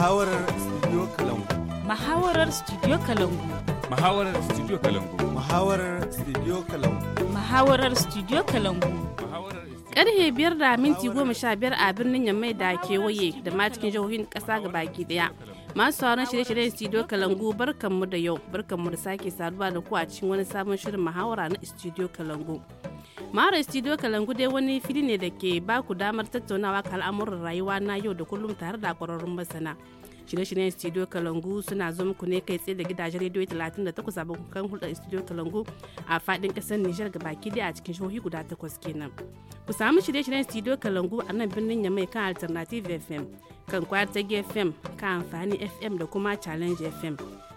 Muhawarar Studio Kalangu. Muhawarar Studio Kalangu. Muhawarar Studio Kalangu. Muhawarar Studio Kalangu. Muhawarar Studio Kalangu. Karhe biyar da minti goma sha biyar a birnin Yammai da kewaye da ma cikin jihohin ga gabaki daya. masu sauran shirye-shiryen studio kalangu barkanmu da yau barkanmu da sake saduwa da ku a cikin wani sabon shirin muhawara na studio kalangu Mara Studio Kalangu dai wani fili ne da ke ba ku damar tattaunawa ka al'amuran rayuwa na yau da kullum tare da kwararrun masana. Shirye-shiryen Studio Kalangu suna zo muku ne kai tsaye da gidajen rediyo 38 a kan hulɗar Studio Kalangu a faɗin ƙasar Nijar baki dai a cikin jihohi guda takwas kenan. Ku samu shirye-shiryen Studio Kalangu a nan birnin Yamai kan Alternative FM, kan Kwartag FM, kan Amfani FM da kuma Challenge FM.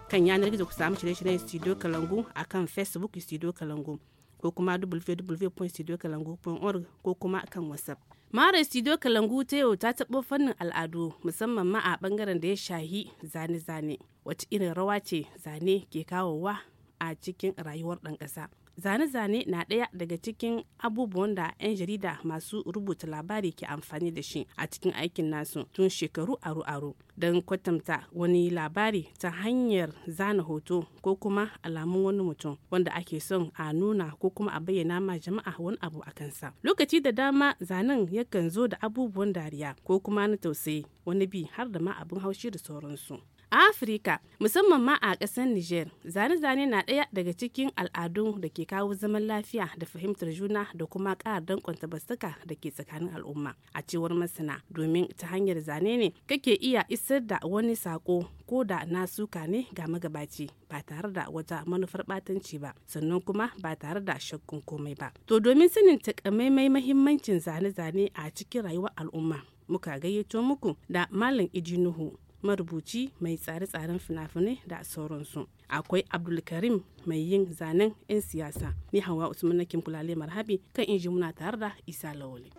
Kan yanar gizo ku samu shirye-shiryen Studio Kalangu a kan Facebook Studio Kalangu. ko kuma www.studiokalangu.org ko kuma kan whatsapp mara studio kalangu ta yau ta taɓo fannin al'adu musamman ma a ɓangaren da ya shahi zane-zane wace irin rawa ce zane ke kawowa a cikin rayuwar ɗan ƙasa zane-zane na ɗaya daga cikin abubuwan da 'yan jarida masu rubuta labari ke amfani da shi a cikin aikin nasu tun shekaru aru-aru don kwatanta wani labari ta hanyar zana hoto ko kuma alamun wani mutum wanda ake son a nuna ko kuma a bayyana ma jama'a wani abu a kansa lokaci da dama zanen yakan zo da abubuwan dariya ko kuma na tausayi wani bi har da ma abin haushi da sauransu A Afirka, musamman ma a ƙasar Nijar, zane-zane na ɗaya daga cikin al'adun da ke kawo zaman lafiya da fahimtar juna da kuma ƙara danƙon tabbastaka da ke tsakanin al'umma. A cewar masana, domin ta hanyar zane ne kake iya isar da wani sako ko da na suka ne ga magabaci ba tare da wata manufar ɓatanci ba, sannan kuma ba tare da shakkun komai ba. To domin sanin takamaimai mahimmancin zane-zane a cikin rayuwar al'umma, muka gayyato muku da Malam Ijinuhu marubuci mai tsare-tsaren fina-finai da sauransu akwai abdulkarim mai yin zanen 'yan siyasa ni hawa usman nakin kulale marhabi kan inji muna tare da isa lawale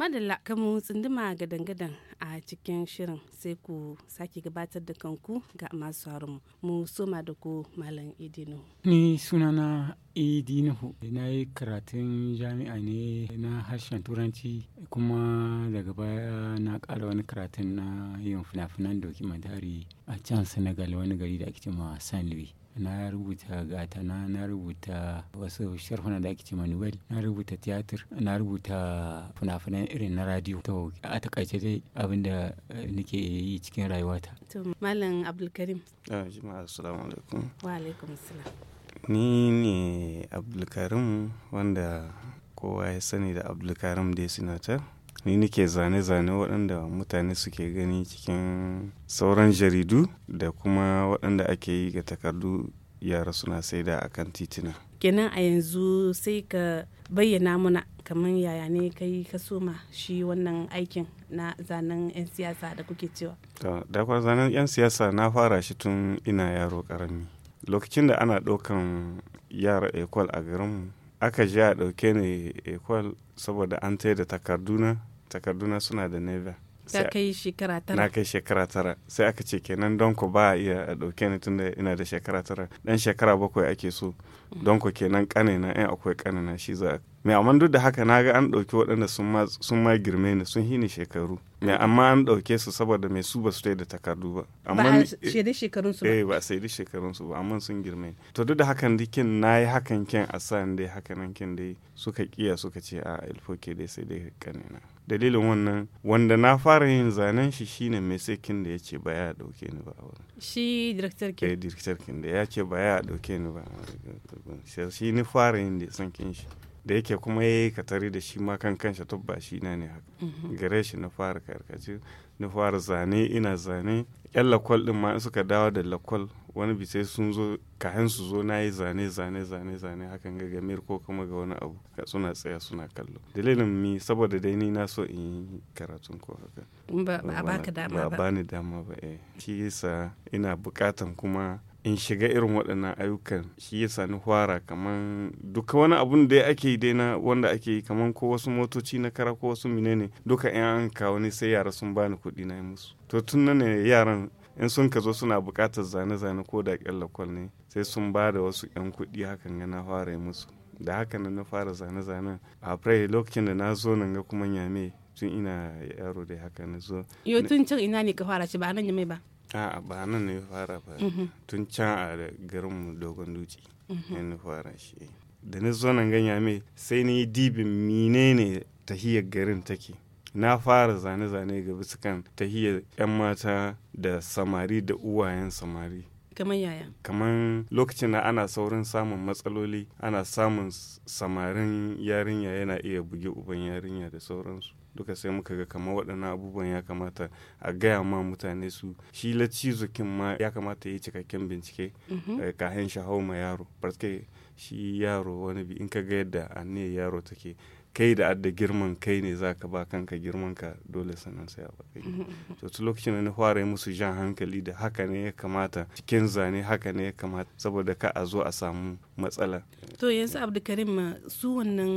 madalla kamun tsunduma gadan-gadan a cikin shirin sai ku sake gabatar da kanku ga masu mu mu soma da ku malam idinu ni sunana idinu. na yi karatun jami'a ne na harshen turanci kuma daga baya na ƙara wani karatun na yin fina-finan madari a can senegal wani gari da ake cewa san louis na rubuta gata na rubuta wasu sharhuna da ake cewa novel na rubuta tiyatir na rubuta fina-finan irin na radio to a takaice dai abin da eh, nake yi cikin rayuwata to malam abdulkarim ah, assalamu alaikum wa alaikum ni ne abdulkarim wanda kowa ya sani da abdulkarim dai sinatar ni nake zane-zane waɗanda mutane suke gani cikin sauran jaridu da kuma waɗanda ake yi ga takardu yara suna saida a kan titina kenan a yanzu sai ka bayyana muna kamar yaya ne kai ka soma shi wannan aikin na zanen 'yan siyasa da kuke cewa dakwa zanen 'yan siyasa na fara shi tun ina yaro karami lokacin da ana ɗaukan yara ekwal a garinmu aka ji a ɗauke ne ekwal saboda an da takarduna takarduna suna da neva ta kai shekara tara na kai shekara tara sai aka ce kenan don ku ba iya a dauke ni tunda ina da shekara tara dan shekara bakwai ake so don ku kenan kanina in akwai kanina shi za mai amma duk da haka na ga an dauke waɗanda sun ma girme ni sun hini shekaru mai amma an dauke su saboda mai su ba su da takardu ba amma ba eh, shekarun su ba eh ba da shekarun su ba amma sun girme to duk da hakan dikin na yi hakan ken a sa dai hakanan ken dai suka kiya suka ce a ilfoke dai sai dai kanina dalilin wannan wanda na fara yin zanen shi shine mai sai da ya ce ba ya dauke ni ba shi director kin eh, director kin da ya ce ba ya dauke ni ba sai shi ni fara yin da san kin shi da yake kuma yayi katari da shi ma kan kansa tubba shi na ne haka mhm. gare shi na fara karkaci na fara zane ina zane yan lakwal din ma suka dawo da lakwal wani bisai sun zo kayan su zo na yi zane zane zane zane hakan ga gamir ko kuma ga wani abu ga suna tsaya suna kallo dalilin mi saboda dai ni na so in yi karatun ko haka ba a baka dama ba ba ni dama ba eh shi yasa ina bukatan kuma in shiga irin waɗannan ayyukan shi ya sani fara kamar duka wani abun da ake yi dai na wanda ake yi kamar ko wasu motoci na kara ko wasu menene duka in an kawo ne sai yara sun bani kuɗi na yi musu to tun nan ne yaran in sun ka zo suna bukatar zane-zane ko da ƙyan lakwal ne sai sun ba da wasu 'yan kuɗi hakan ga na fara musu da haka nan na fara zane-zanen a frai lokacin da na zo nan ga kuma nyame tun ina yaro da haka na zo yo tun can ina ne ka fara shi ba nan yame ba a'a ba nan ne fara ba mhm. tun can a garin mu dogon duci mhm. ne fara shi da na zo nan ga nyame sai ni dibin menene tahiyar garin take na fara zane-zane ga bisa kan tahiyar 'yan mata da samari da uwayen samari kamar yaya kamar lokacin na ana saurin samun matsaloli ana samun samarin yarinya yana iya buge uban yarinya da sauransu duka sai muka ga kamar waɗannan abubuwan ya kamata a gaya ma mutane su shi la cizokin ma ya kamata yi cikakken bincike mhm. eh, kahin shahau ma yaro barske shi yaro wani bi in ka ga yadda aniyar yaro take kai da adda girman kai ne za ka ba kanka girman ka dole sannan sai a bakai to tu lokacin da na fara musu jan hankali da haka ne ya kamata cikin zane haka ne ya kamata saboda ka a zo a samu matsala to yanzu abdulkarim su wannan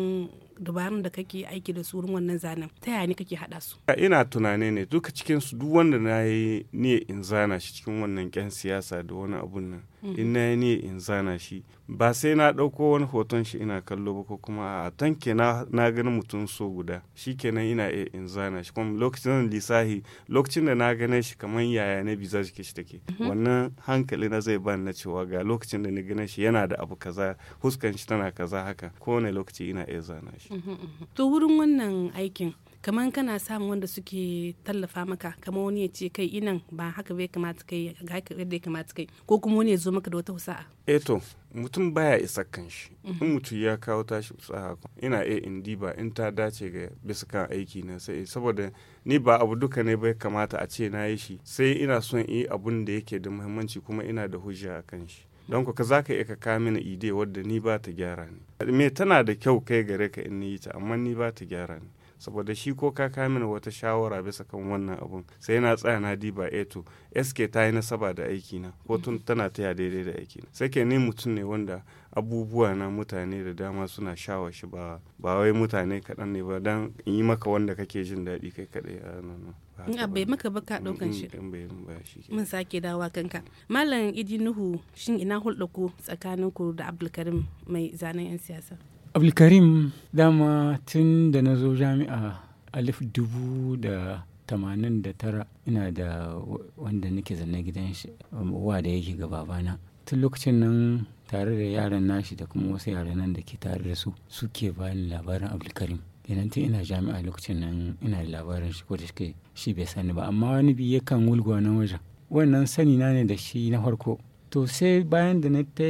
dabarun da kake aiki da su wannan zanen ta yaya ne kake haɗa su ina tunane ne duka cikin su duk wanda na yi niyya in zana shi cikin wannan kyan siyasa da wani abun nan in na yi in zana shi ba sai na ɗauko wani hoton shi ina kallo ba ko kuma a tanke na na gani mutum so guda shi kenan ina iya in zana shi kuma lokacin lissahi lokacin da na gane shi kamar yaya na biza jike shi take mm-hmm. wannan hankali na zai bani na cewa ga lokacin da na gane shi yana da abu kaza fuskan shi tana kaza haka kowane lokaci ina iya zana shi mm-hmm, mm-hmm. to wurin wannan aikin kamar kana samun wanda suke tallafa maka kamar wani ya ce kai inan ba haka bai kamata kai ga haka bai kamata kai ko kuma wani ya zo maka da wata husa'a eh to mutum baya isa kan shi mhm. in mutum ya kawo tashi husa'a ina a in di ba in ta dace ga bisa kan aiki na sai saboda ni ba abu duka ne bai kamata a ce na yi shi sai ina son yi abun da yake da muhimmanci kuma ina da hujja a kan shi don ka za ka iya ka mini ide wadda ni ba ta gyara ne me tana da kyau kai gare ka in ni yi ta amma ni ba ta gyara ne saboda shi ko ka kai mini wata shawara bisa kan wannan abun sai na tsaya na diba eto eh sk ta yi nasaba da aiki na ko tun tana taya daidai da aiki na sai ke ni mutum ne wanda abubuwa na mutane da dama suna shawa shi ba ba wai mutane kaɗan ne ba dan yi maka wanda kake jin daɗi kai kaɗai ah, a nan in bai maka ba ka ɗaukan mm, shi mun sake dawa kanka malam idi nuhu shin ina hulɗa ku tsakanin ku da abdulkarim mai zanen yan siyasa abdulkarim dama tun da na zo jami'a alif dubu da tamanin da tara ina da wanda nake zanne gidan shi um, wa da yake ga babana tun lokacin nan tare da yaran nashi da kuma wasu yaran nan da ke tare da su suke bani labarin abdulkarim kenan tun ina jami'a lokacin nan ina da labarin shi ko da shi bai sani ba amma wani biyu yakan wulgwa na wajen wannan sani na ne da shi na farko to sai bayan da na ta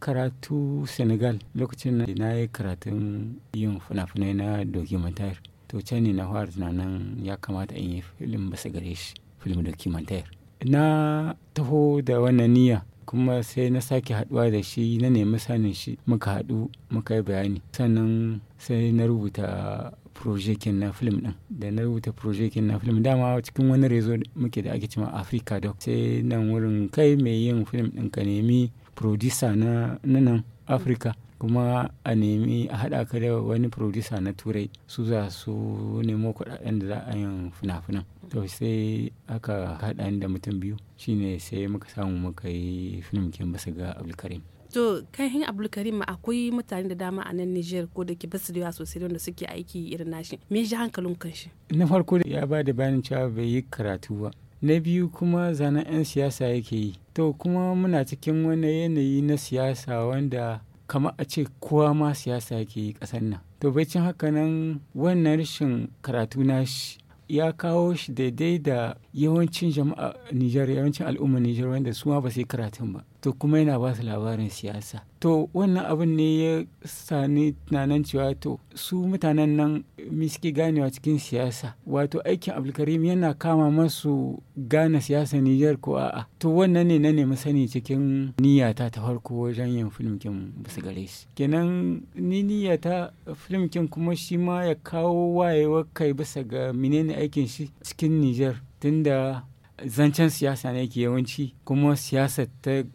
karatu senegal lokacin na yi karatun yin fina-finai na documentary to can ne na fara tunanin ya kamata in yi filin basa gare shi filin documentary na taho da wannan niyya kuma sai na sake haɗuwa da shi na nemi sanin shi muka haɗu muka yi bayani sannan sai na rubuta projekin na film din da na rubuta projekin na film dama cikin wani rezo muke da ake cima africa doc sai nan wurin kai mai yin film din ka nemi producer na nan afirka. kuma a nemi a haɗa ka da wani producer na turai su za su nemo kuɗaɗen da za a yin fina-finan to sai aka haɗa ni da mutum biyu shine sai muka samu muka yi film kin basu ga abdulkarim to kayan abdulkarim akwai mutane da dama a nan niger ko da ke basu da yawa sosai wanda suke aiki irin nashi me ji hankalin kanshi na farko ya ba da bayanin cewa bai yi karatu ba na biyu kuma zanen 'yan siyasa yake yi to kuma muna cikin wani yanayi na siyasa wanda kamar a ce kowa ma siyasa yake yi ƙasar nan to bacin haka nan wannan rashin karatu nashi ya kawo shi daidai da yawancin jama'a Nijar yawancin al'umma Nijar wanda su ma ba su yi karatun ba to kuma yana ba su labarin siyasa to wannan abin ne ya sani tunanin cewa to su mutanen nan miski ganewa cikin siyasa wato aikin abdulkarim yana kama masu gane siyasa nijar ko a'a to wannan ne na nemi sani cikin niyyata ta farko wajen yin filimkin bisa gare shi kenan ni niyyata filimkin kuma shi ma ya kawo wayewar kai bisa ga menene aikin shi cikin nijar tunda zancen siyasa ne ke yawanci kuma siyasa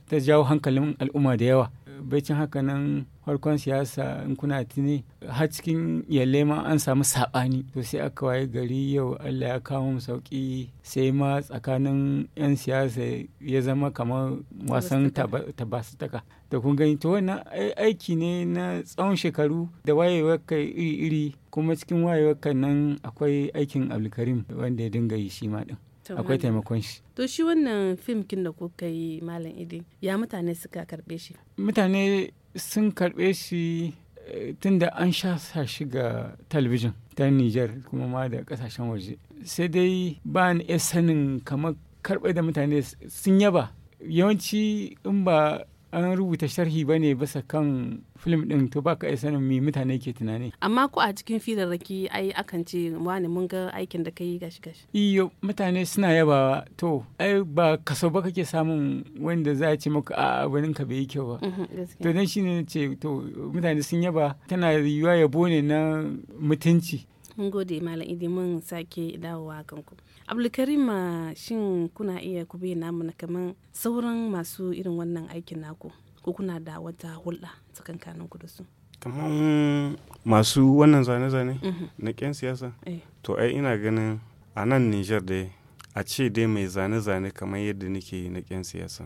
ta jawo hankalin al'umma da yawa baicin haka nan farkon siyasa in kuna tuni har cikin yalle ma an samu saɓani to sai aka waye gari yau allah ya kawo mu sauƙi sai ma tsakanin 'yan siyasa ya zama kamar wasan tabasitaka da kun gani to wannan aiki ne na tsawon shekaru da wayewar kai iri-iri kuma cikin wayewar nan akwai aikin abdulkarim wanda ya dinga yi shi ma din akwai taimakon shi to shi wannan fim kin da kuka yi malam idi ya mutane suka karbe shi mutane sun karbe shi eh, tunda an sha shi ga talabijin ta nijar kuma ma da kasashen waje sai dai ba ni iya sanin kamar karbe da mutane sun yaba yawanci in ba an rubuta sharhi ba ne bisa kan film ɗin to ba iya sanin me mutane ke tunani. Amma ko a cikin firarraki ai akan ce wani mun ga aikin da ka yi gashi gashi. Iyo mutane suna yabawa to ai ba kaso ba kake samun wanda za a ce maka a abin ka bai yi kyau ba. Mhm, to dan shine ce to mutane sun yaba tana yiwa yabo ne na mutunci. Mun gode Malam Idi mun sake dawowa kanku. abdulkarima ah, shin kuna iya ku bayyana mana kamar sauran masu irin wannan aikin naku ko kuna da wata hulɗa tsakankanin ku da su kamar masu wannan zane-zane mhm. na ƙyan siyasa eh. to ai ina ganin a nan nijar dai a ce dai mai zane-zane kamar yadda nake na ƙyan siyasa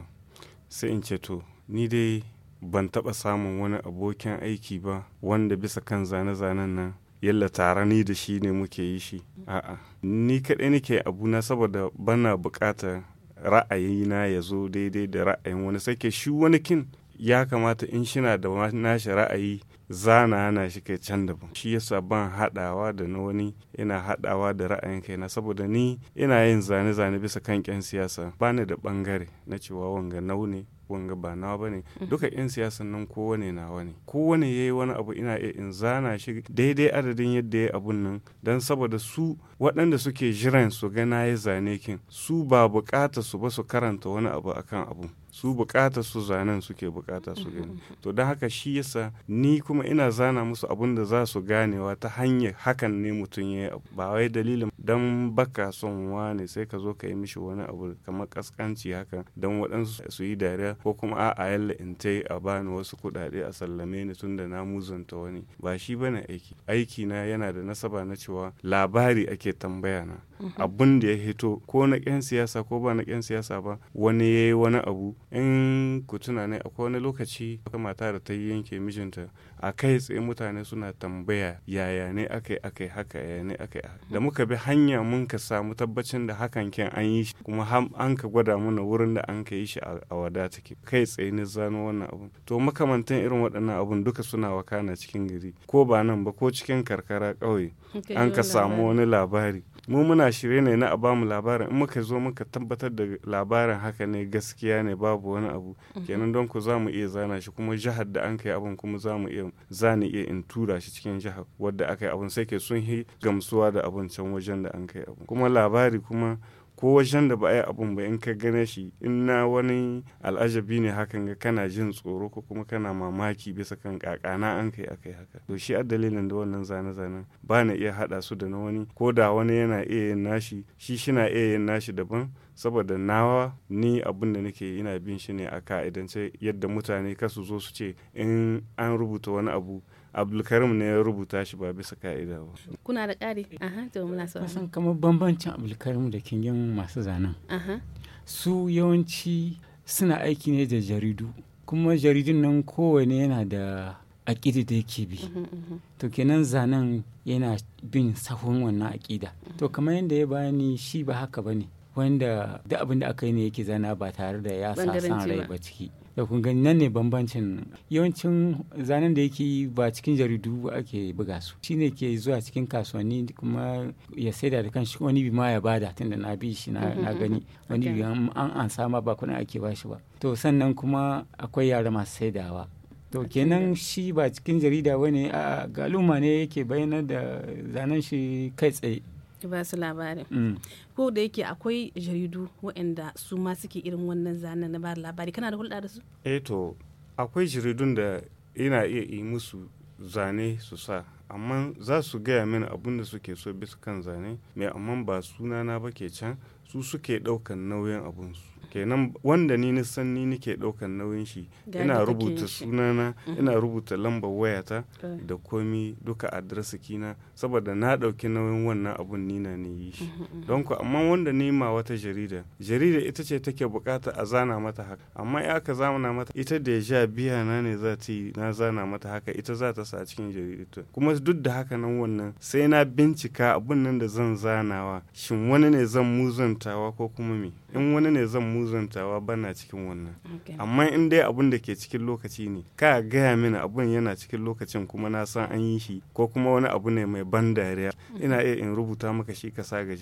sai in ce to ni dai ban taɓa samun wani abokin aiki ba wanda bisa kan zane-zanen nan yalla tare ni da shi ne muke yi shi a'a ni kaɗai nake abu na saboda bana buƙatar ra'ayina ya zo daidai da ra'ayin wani sake shi wani kin ya kamata in shina da nashi ra'ayi zana hana shi kai can ban shi yasa ban haɗawa da na wani ina haɗawa da ra'ayin kaina saboda ni ina yin zane-zane bisa kan ƙyan siyasa bani da ɓangare na cewa wanga nau ne wanga ba na ba ne mm. duka yan siyasan nan kowane nawa ne kowane yayi wani abu ina iya in zana shi daidai adadin yadda ya abun nan dan saboda su waɗanda suke jiran su ga na yi zane kin su ba bukata su ba su karanta wani abu akan abu su bukata su zanen suke bukata su gani mm-hmm. to don haka shi yasa ni kuma ina zana musu abun da za su ganewa ta hanyar hakan ne mutum ya yi ba wai dalilin dan baka son wane sai ka zo ka yi mishi wani abu kamar kaskanci haka dan waɗansu su yi dariya ko kuma a yalla in ta a bani wasu kuɗaɗe a sallame ni tunda na muzanta wani ba shi bane aiki aiki na yana da nasaba na cewa labari ake tambaya na mm-hmm. abun da ya hito ko na ƙyan siyasa ko ba na ƙyan siyasa ba wani ya yi wani abu in ku tuna ne akwai wani lokaci ka mata da ta yanke mijinta a kai tsaye mutane suna tambaya yaya ne aka yi aka yi haka yaya ne aka yi da muka bi hanya mun ka samu tabbacin da hakan ken an yi kuma an ka gwada mana wurin da an ka yi shi a wada take kai tsaye ne zano wannan abun to makamantan irin waɗannan abun duka suna wakana cikin gari ko ba nan ba ko cikin karkara ƙauye an ka samu wani labari mu muna shirye ne na a bamu labarin in muka zo muka tabbatar da labarin haka ne gaskiya ne babu wani abu mhm. kenan don ku za mu iya zana shi kuma jihar da an kai abin kuma za mu iya zani iya in tura shi cikin jihar wadda aka yi abin sai ke sun yi gamsuwa da abin can wajen da an kai abin kuma labari kuma ko wajen da ba a yi abun ba in ka gane shi in na wani al'ajabi ne hakan ga kana jin tsoro ko kuma kana mamaki bisa kan kakana an kai akai haka to shi dalilin da wannan zane-zanen ba na iya hada su da na wani ko da wani yana iya yin nashi shi shina iya yin nashi daban saboda nawa ni abin da nake ina bin shi ne a ka'idance yadda mutane kasu zo su ce in an rubuta wani abu abdulkarim ne ya rubuta shi ba bisa ka'ida ba kuna da ƙari aha to muna so san kamar bambancin abdulkarim da kingin masu zanen su yawanci suna aiki ne da jaridu kuma jaridun nan kowane yana da aƙida da yake bi to kenan zanen yana bin sahun wannan aƙida to kamar yadda ya bani shi ba haka ba ne wanda duk abin da aka yi ne yake zana ba tare da ya sa san rai ba ciki da kun gani nan ne bambancin yawancin zanen da yake ba cikin jaridu ake buga su shine ke zuwa cikin kasuwanni kuma ya saida da kanshi wani bi ma ya bada da na bi shi na mm-hmm. gani wani bi an an sama ba kuna ake ba shi ba to sannan kuma akwai yara masu saidawa to kenan shi ba cikin jarida wani a galuma ne yake bayyana da zanen shi kai tsaye ki ba su labarin mm. ko da yake akwai jaridu waɗanda su ma suke irin wannan zanen na ba labari kana da hulɗa da su eh to akwai jaridun da ina iya yi musu zane su sa amma za su gaya min abin da suke so bisa kan zane mai amma ba sunana ba ke can su suke ɗaukan nauyin abinsu kenan wanda ni na ni nake ɗaukan nauyin shi ina rubuta sunana mm-hmm. ina rubuta lambar wayata da komi duka adresi kina saboda na ɗauki nauyin wannan abun ni na ne yi shi mm-hmm, mm-hmm. don ku amma wanda ni ma wata jarida jarida ita ce take bukata a zana mata haka amma ya ka zamana mata ita da ja biya na ne za ta yi na zana mata haka ita za ta sa cikin jarida kuma duk da haka nan wannan sai na bincika abun nan da zan zanawa shin wani ne zan muzantawa ko kuma me in wani ne zan muzantawa bana cikin wannan amma in dai abun da ke cikin lokaci ne ka gaya mini abun yana cikin lokacin kuma na san an yi shi ko kuma wani abu ne mai ban dariya mm. ina iya in rubuta maka shi ka sa ga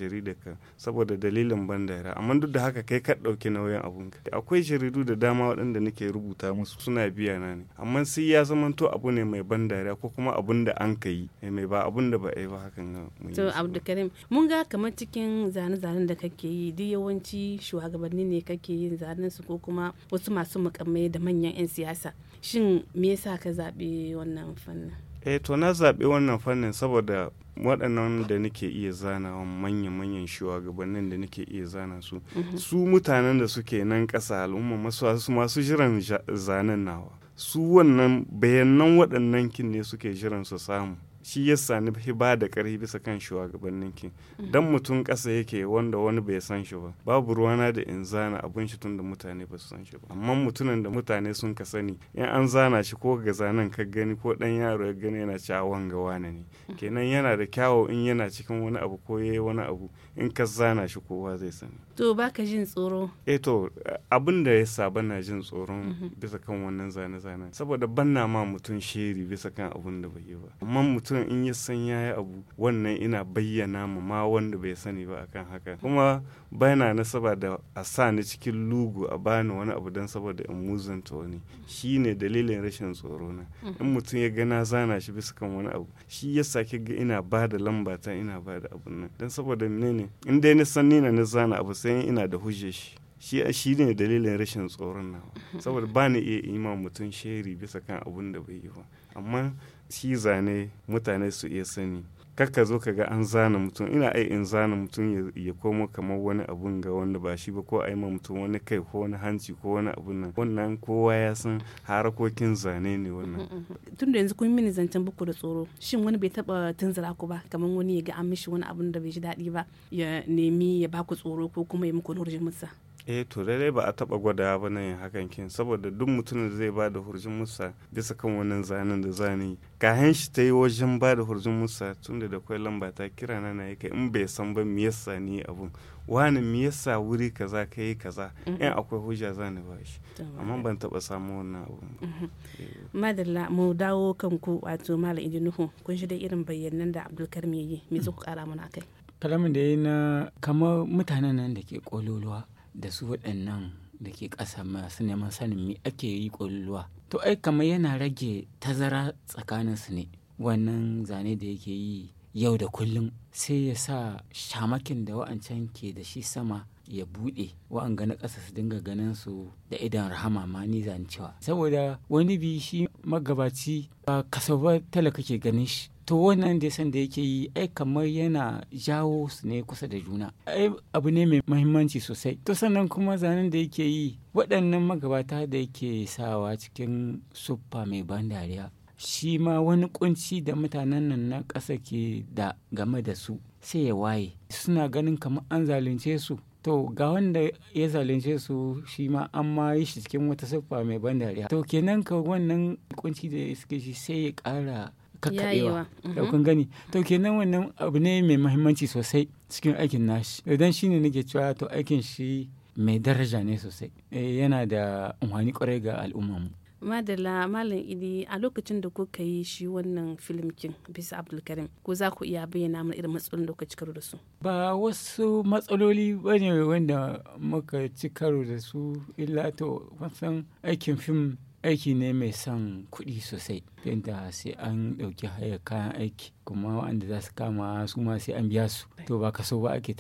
ka saboda dalilin ban dariya amma duk da haka kai ka ɗauki nauyin abun ka akwai jaridu da dama waɗanda nake rubuta musu suna biya na ne amma sai ya to abu ne mai ban dariya ko kuma abun da an ka yi eh, mai ba abun da ba a ba hakan to abdulkarim mun ga kamar cikin zane-zanen da kake yi duk yawanci shugabanni ne kake yin zanen su ko kuma wasu masu mukamai da manyan 'yan siyasa shin me yasa ka zaɓi wannan fannin eh to na zaɓi wannan fannin saboda waɗannan da nake iya zanawa manya-manyan shugabannin da nake iya zana su mhm. su mutanen da suke nan ƙasa al'umma masu masu jiran zanen nawa su wannan bayanan waɗannan kin ne suke jiran su samu shi ya sani ba da ƙarfi bisa kan shugabannin ki dan mutum ƙasa yake wanda wani bai san shi ba babu ruwana da in zana abun shi tun da mutane ba su san shi ba amma mutumin da mutane sun ka sani in an zana shi ko ga zanen ka gani ko ɗan yaro ya gani yana cewa wanga wane ne kenan yana da kyawu in yana cikin wani abu ko yayi wani abu in ka zana shi kowa zai sani to baka jin tsoro eh to abin da ya sa bana jin tsoron mhm. bisa kan wannan zane zane saboda banna ma mutum shiri bisa kan abin da bai yi ba amma mutum in ya san yi abu wannan ina bayyana ma ma wanda bai sani ba akan haka kuma bana nasaba da a sa ni cikin lugu a bani wani abu don saboda in muzanta wani shi ne dalilin rashin tsoro na mhm. in mutum ya gana zana shi bisa kan wani abu shi ya sake ga ina ba da lamba ina ba da abun nan don saboda ne. in dai nisan nina na zana abu sai ina da hujje shi shi shi ne dalilin rashin tsoron nawa saboda ba ni iya yi mutum sheri bisa kan abun da bai yi ba amma shi zane mutane su iya sani kakka zo ka ga an zana mutum ina ai in zana mutum ya komo kamar wani abun ga wanda ba shi ba ko a ma mutum wani kai ko wani hanci ko wani abun nan wannan kowa ya san harakokin zane ne wannan mm-hmm, mm-hmm. tun da yanzu kun mini zancen buku da tsoro shin wani bai taba tunzura ku ba kamar wani ya ga an mishi wani abun da bai ji daɗi ba ya nemi ya baku tsoro ko kuma ya muku nurjin musa eh to daidai ba a taba gwada ba nan hakan kin saboda duk mutumin zai ba da hurjin musa bisa kan wannan zanen da zani ka shi ta yi wajen ba da hurjin musa tun da kwai lamba ta kira na na kai in bai san ba me yasa ni abun wani me yasa wuri kaza ka kaza in akwai hujja zani ba shi amma ban taba samu wannan abun mm-hmm. eh. madalla mu dawo kanku wato malam idinuhu kun shi da irin bayyanan da Abdul karim yayi me zuku kara mana kai kalamin da yayi na kamar mutanen nan da ke kololuwa da su waɗannan da ke ƙasa masu neman sanin me ake yi ƙwallowa to ai kamar yana rage tazara tsakaninsu ne wannan zane da yake yi yau da kullum sai ya sa shamakin da wa'ancan ke da shi sama ya buɗe wa'anga na ƙasa su dinga ganin su da idan rahama ma ni cewa saboda wani bi shi magabaci ba kasa ba talaka ke ganin shi to wannan desan da yake yi ai kamar yana jawo su ne kusa da juna ai abu ne mai mahimmanci sosai to sannan kuma zanen da yake yi waɗannan magabata da yake sawa cikin suffa mai ban dariya shi ma wani kunci da mutanen nan na ƙasa ke da game da su sai ya waye suna ganin kamar an zalunce su to ga wanda ya zalunce su shi ma an ma yi shi cikin wata siffa mai ban dariya to kenan ka wannan kunci da suke shi sai ya ƙara kakkaɓewa mm-hmm. kun gani to kenan wannan abu ne mai mahimmanci sosai cikin aikin nashi idan shine nake cewa to aikin shi mai daraja ne sosai eh, yana da umarni kwarai ga al'umma mu. madala malam idi a lokacin da kuka yi shi wannan filimkin bisa abdulkarim ko za ku iya bayyana mana irin matsalolin da kuka ci da su ba wasu matsaloli ba ne wanda muka ci karo da su illa to wasan aikin fim aiki ne mai son kuɗi sosai yadda sai an ɗauki hayar kayan aiki kuma wanda za su kama su ma sai an biya su to ba kaso ba ake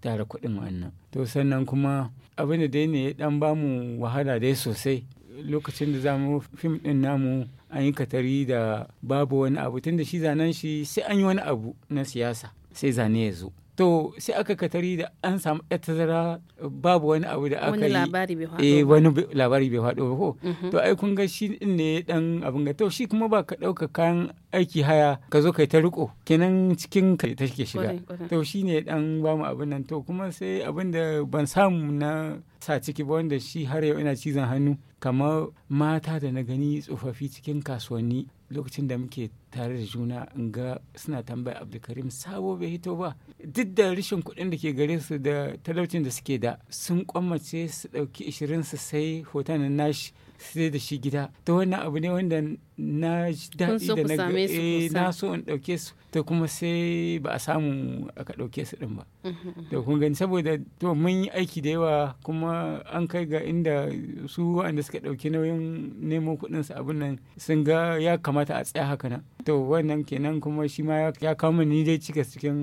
tara kuɗin wannan to sannan kuma abin da dai ne ya ɗan bamu wahala dai sosai lokacin da za mu fim ɗin namu an yi katari da babu wani abu tun da shi zanen shi sai an yi wani abu na siyasa sai zane ya zo to sai aka katari da an samu tazara babu wani abu da aka yi eh, wani labari bai faɗo ba ko mhm. to ai kun ga shi din ne dan abin ga to shi kuma ba ka ɗauka kayan aiki haya ka zo kai ta riko kenan cikin ka ta ke shiga to shi ne dan ba mu abin nan to kuma sai abin da ban samu na sa ciki ba wanda shi har yau ina cizon hannu kamar mata da na gani tsofaffi cikin kasuwanni lokacin da muke tare da juna in ga suna tambaya abdulkarim sabo bai hito ba duk da rashin kuɗin da ke gare su da talaucin da suke da sun kwamace su ɗauki ishirin su sai hoton nashi sai da shi gida ta wannan abu ne wanda na ji daɗi da na eh, na so in ɗauke su to kuma sai ba a samu aka ɗauke su ɗin ba da mm-hmm. kun gani saboda to mun yi aiki da yawa kuma an kai ga inda su wanda suka ɗauki nauyin nemo kuɗin su abin nan sun ga ya kamata a tsaya haka nan to wannan kenan kuma shi ma ya kama ni dai cika cikin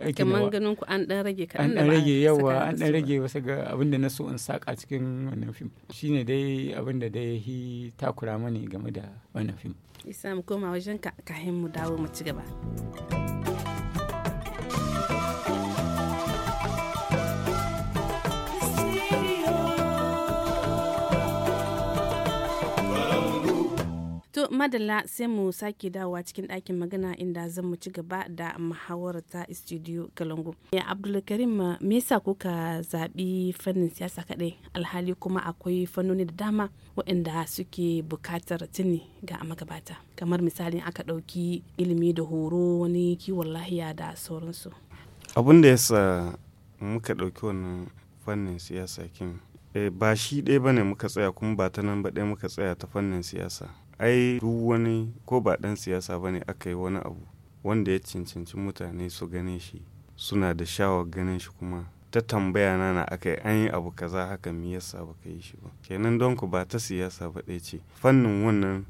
aikin kamar ganin ku an ɗan rage an ɗan rage yawa an ɗan rage wasu ga abin da na so in saka cikin wannan fim shine dai abin da dai takura mani game da wani fim isa mu koma wajen ka mu dawo mu ci gaba madalla sai mu sake dawowa cikin ɗakin magana inda zan mu ci gaba da muhawarar ta studio kalangu ya eh, abdulkarim me yasa kuka zaɓi fannin siyasa kaɗai alhali kuma akwai fannoni da dama waɗanda suke buƙatar tuni ga magabata kamar misali aka ɗauki ilimi da horo wani kiwon lahiya da sauransu abin da yasa muka ɗauki wannan fannin siyasa kin eh, ba shi ɗaya ba ne muka tsaya kuma ba ta nan ba ɗaya muka tsaya ta fannin siyasa ai duk wani ko ba ɗan siyasa ba ne aka yi wani abu wanda ya cancanci mutane su gane shi suna da shawar ganin shi kuma ta tambaya na na aka yi an yi abu kaza haka mi yasa ba ka yi shi ba kenan don ku ba ta siyasa ba ɗaya ce fannin wannan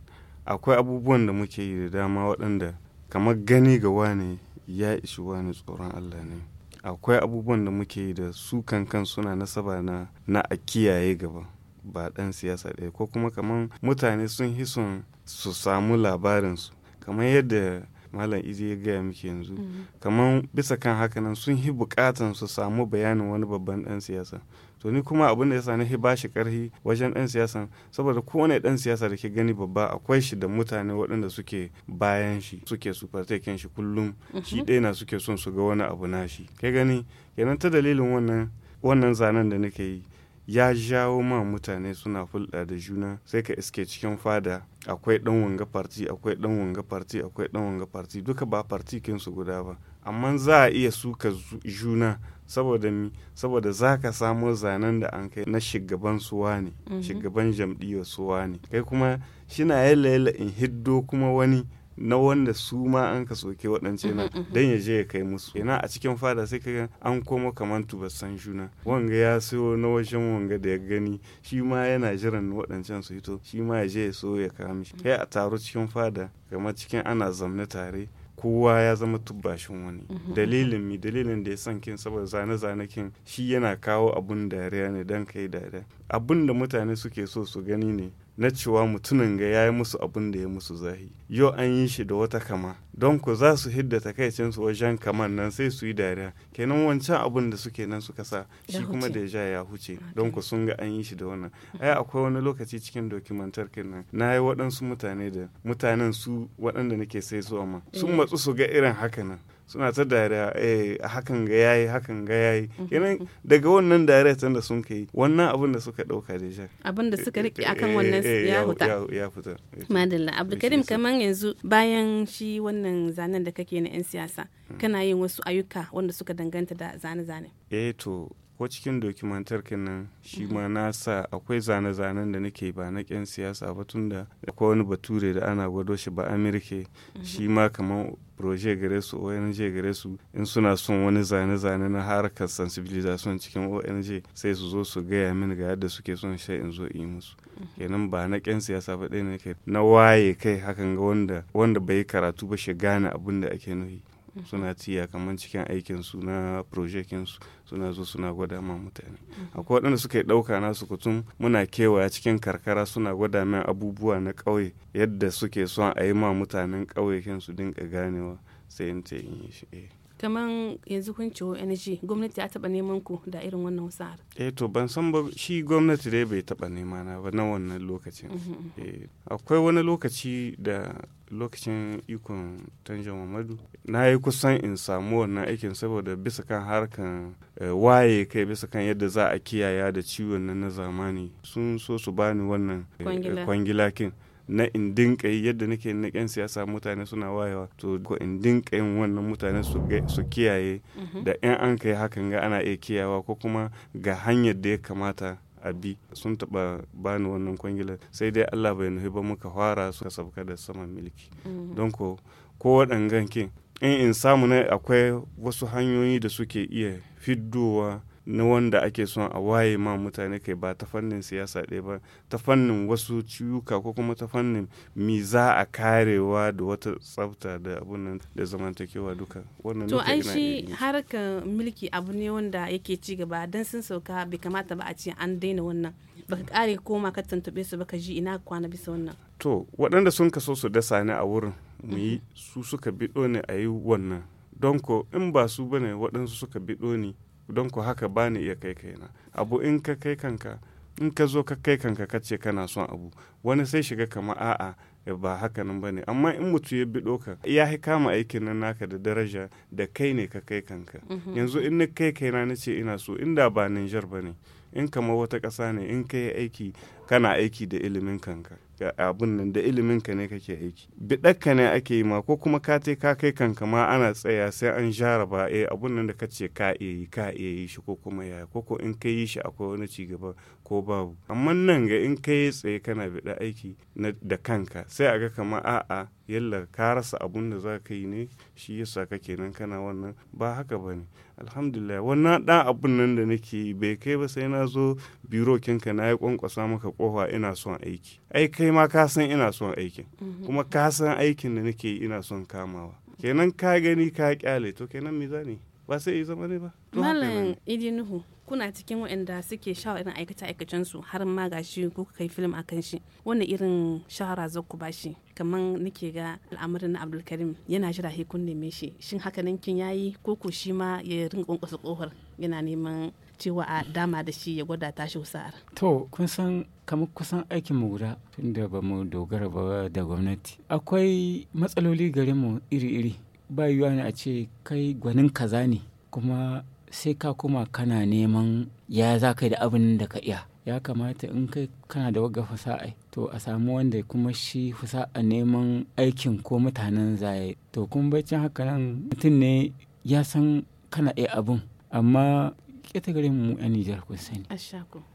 akwai abubuwan da muke yi da dama waɗanda kamar gani ga wane ya ishi wani tsoron Allah ne akwai abubuwan da muke yi da su kankan suna nasaba na na a kiyaye gaba ba ɗan siyasa ɗaya ko kuma kamar mutane sun hi son su samu labarinsu kamar yadda malam izi ya gaya muke yanzu mm-hmm. kamar bisa kan haka nan sun hi bukatan su samu bayanin wani babban ɗan siyasa to ni kuma abin da ya sani ba shi karhi wajen ɗan siyasan saboda kowane ɗan siyasa da ke gani babba akwai shi da mutane waɗanda suke bayan shi suke su fartaken shi kullum mm-hmm. shi ɗaya na suke son su ga wani abu na shi kai gani kenan ta dalilin wannan wannan zanen da nake yi ya jawo ma mutane suna hulɗa da juna sai ka iske cikin fada akwai ɗan wanga farti akwai ɗan wanga farti akwai ɗan wanga farti duka ba farti kinsu guda ba amma za a iya suka juna saboda mi saboda za ka samo zanen da an kai na shigaban suwa ne mhm. shigaban jam'iyyar suwa ne kai kuma shina yalla in hiddo kuma wani na wanda su ma an ka soke waɗance na mm-hmm, mm-hmm. dan ya je ya kai musu ina a cikin fada sai ka an komo kamar tuba san juna wanga ya sayo na wajen wanga da ya gani shi ma yana jiran waɗancan su hito shi ma ya je ya so ya kama shi kai a taro cikin fada kamar cikin ana zamne tare kowa ya zama tubbashin wani mm-hmm, dalilin mi dalilin da ya san kin saboda zane-zane kin shi yana kawo abun dariya ne don kai dariya abun da mutane suke so su gani ne na cewa mutumin ga ya yi musu abin da ya musu zahi yau an yi shi da wata kama don ku za su hidda takaicinsu wajen kaman nan sai su yi dariya kenan wancan abin da suke nan suka sa shi kuma da ja ya huce don ku sun ga an yi shi da wannan ai akwai wani lokaci cikin dokumentar nan na yi waɗansu mutane da mutanen su waɗanda nake sai su amma sun eh. matsu su ga irin haka nan suna ta dariya eh hakan ga yayi hakan ga yayi mm-hmm, kenan mm-hmm. daga wannan dariya da sun kai wannan abin da suka dauka da shi abin da suka rike akan eh, wannan eh, ya huta ya fita madalla abdulkarim kaman yanzu bayan shi wannan zanen da kake na yan siyasa mm. kana yin wasu ayyuka wanda suka danganta da zane-zane eh to ko cikin dokumentar nan shi mm-hmm. ma na sa akwai zane-zanen da nake ba na ƙyan siyasa ba tun da akwai wani bature da ana gwado shi ba amirke mm-hmm. shi ma kamar proje gare su ong gare su in suna son wani zane-zane na harkar sensibilization cikin ong sai su zo su gaya mini ga yadda suke son shi in zo yi musu mm-hmm. kenan ba na ƙyan siyasa ba ɗaya na waye kai hakan ga wanda wanda bai karatu ba shi gane abin da ake nufi suna tiya kamar cikin aikin na projekin suna zo suna gwada ma mutane mhm. akwai waɗanda suka yi ɗauka nasu kutum muna kewaya cikin karkara suna gwada min abubuwa na ƙauye yadda suke son a yi ma mutanen ƙauye su dinka ganewa sai in ce in yi shi eh. kamar yanzu kun ciwo energy gwamnati ya taba neman ku da irin wannan wasa'ar eh to ban san ba shi gwamnati dai bai taba nema na ba na wannan lokacin mm-hmm, mm-hmm. Eh, akwai wani lokaci da lokacin ikon tanjan mamadu na yi kusan in samu wannan aikin saboda bisa kan harkan eh, waye kai bisa kan yadda za a kiyaya da ciwon na zamani sun so su bani wannan eh, kwangilakin na in dinka yadda nake na yan siyasa mutane suna wayewa to ko in dinka yin wannan mutane su kiyaye mhm. da yan an kai hakan ga ana iya kiyawa ko kuma ga hanyar da ya kamata a bi sun taɓa bani wannan kwangilar sai dai allah bai nufi ba muka fara su sabka da saman milki mhm. don ko ko waɗangan in in samu na akwai wasu hanyoyi da suke iya fiddowa na wanda ake son a waye ma mutane kai ba ta fannin siyasa ɗaya ba ta fannin wasu ciwuka ko kuma ta fannin mi za a karewa da wata tsafta da abun nan da zamantakewa duka wannan to an shi harkar mulki abu ne wanda yake ci gaba dan sun sauka bai kamata ba a ce an daina wannan baka kare koma ka tantube su baka ji ina kwana bisa wannan to waɗanda sun kaso su dasa ni a wurin mu yi mhm. su suka biɗo ne a yi wannan don ko in ba su bane waɗansu suka biɗo ni don ku haka ba ni iya kai kaina abu in ka kai kanka in ka zo ka kai kanka ka ce kana son abu wani sai shiga kama a'a eh, ba haka nan bane amma in mutum ya bi doka ya kama aikin nan naka da daraja da kai ne ka kai kanka mhm. yanzu in na kai kaina na ce ina so inda ba Niger bane in kama wata ƙasa ne in kai aiki kana aiki da ilimin kanka abun nan da ilimin ka ne kake aiki bidakka ne ake yi ma ko kuma ka ce ka kai kanka ma ana tsaya sai an jaraba eh abun nan da ka ce ka iya yi ka iya yi shi ko kuma ya ko ko in ka yi shi akwai wani ci gaba ko babu amma nan ga in kai tsaye kana biɗa aiki da kanka sai a ga kama a'a yalla ka rasa abun da za ka yi ne shi yasa kake nan kana wannan ba haka ba ne alhamdulillah wannan ɗan abun nan da nake yi bai kai ba sai na zo biro kinka na yi kwankwasa maka kofa ina son aiki ai kai ma ka san ina son aikin mm-hmm. kuma ka san aikin da nake yi ina son kamawa kenan ka gani ka kyale to kenan me za ba sai yi zama ne ba malam idinuhu kuna cikin waɗanda suke sha irin aikace aikacen su har ma gashi ko kai film akan shi wani irin shahara za ku bashi kamar nake ga al'amarin na Abdulkarim yana jira he kun neme shi shin haka nan kin yayi ko ko shi ma ya rinka kwankwasa kofar yana neman cewa a dama da shi ya gwada tashi sa'ar. To, kun san kamar kusan aikin mu guda tunda ba mu dogara ba da gwamnati. Akwai matsaloli gare mu iri-iri. Ba yiwuwa ne a ce kai gwanin kaza ne kuma sai ka kuma kana neman ya za ka da abin da ka iya ya kamata in kai kana da waga fasa'a to a samu wanda kuma shi fasa'a neman aikin ko mutanen zaye to kun bacin haka nan mutum ne ya san kana iya abin amma ƙeta garin mu a Nijar kun sani.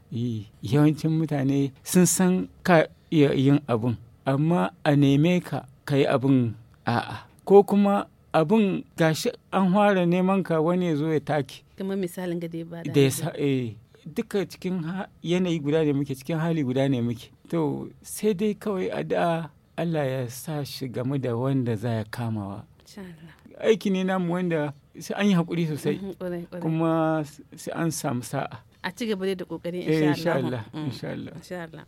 Eh, yawancin mutane sun san ka iya yin abin amma a neme ka ka yi abin a'a ko kuma abun gashi an fara neman ka wani ya zo ya take kamar misalin ga da ya ba da eh, duka cikin yanayi guda ne muke cikin hali guda ne muke to sai dai kawai a da Allah ya sa shi game da wanda za ya kamawa aiki ne namu wanda sai an yi haƙuri sosai mm-hmm, kuma sai an samu sa'a a ci gaba da kokari eh, mm, insha Allah insha Allah insha mm. Allah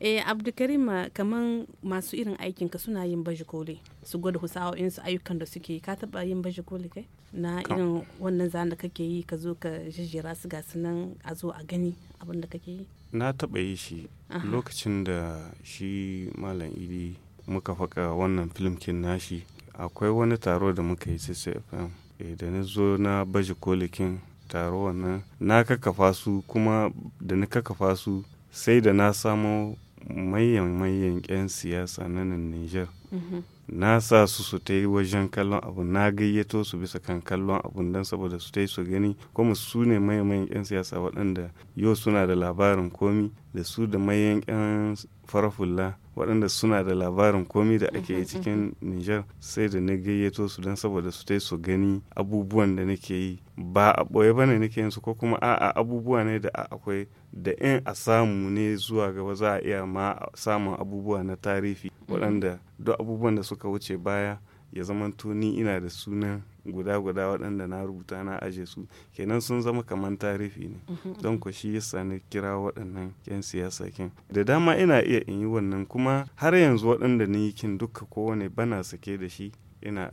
eh Abdulkarim kaman masu irin aikin ka suna yin baji kole su gwada husawoyin su ayyukan da suke ka taba yin baji kole kai na irin wannan zan da kake yi ka zo ka jijjira su ga sunan a zo a gani abin da kake yi na taba yi shi lokacin da shi malam idi muka faka wannan film kin nashi akwai wani taro da muka yi ccfm eh, da na zo na baje kolikin taro wannan na kakkafa su kuma da na kakkafa su sai da na samo mayan mayan 'yan siyasa na nan Nijar. Mhm. Na sa su su ta yi wajen kallon abu na gayyato su bisa kan kallon abun don saboda su ta yi su gani kuma su ne mayan mayan 'yan siyasa waɗanda yau suna da labarin komi da su da mayan 'yan farafulla waɗanda suna da labarin komi da ake yi mhm, mhm, cikin mhm. Nijar sai da na gayyato su don saboda su su gani abubuwan da nake yi ba a ɓoye bane nake yin su ko kuma a'a abubuwa ne da akwai da in a samu ne zuwa gaba za a iya ma samun abubuwa na tarihi waɗanda duk abubuwan da suka wuce baya ya zamanto ni ina da sunan guda-guda waɗanda na rubuta na aje su kenan sun zama kamar tarihi ne mhm. don ku shi yasa ne kira waɗannan 'yan siyasa kin da dama ina iya in yi wannan kuma har yanzu waɗanda ni kin duka kowane bana sake da shi ina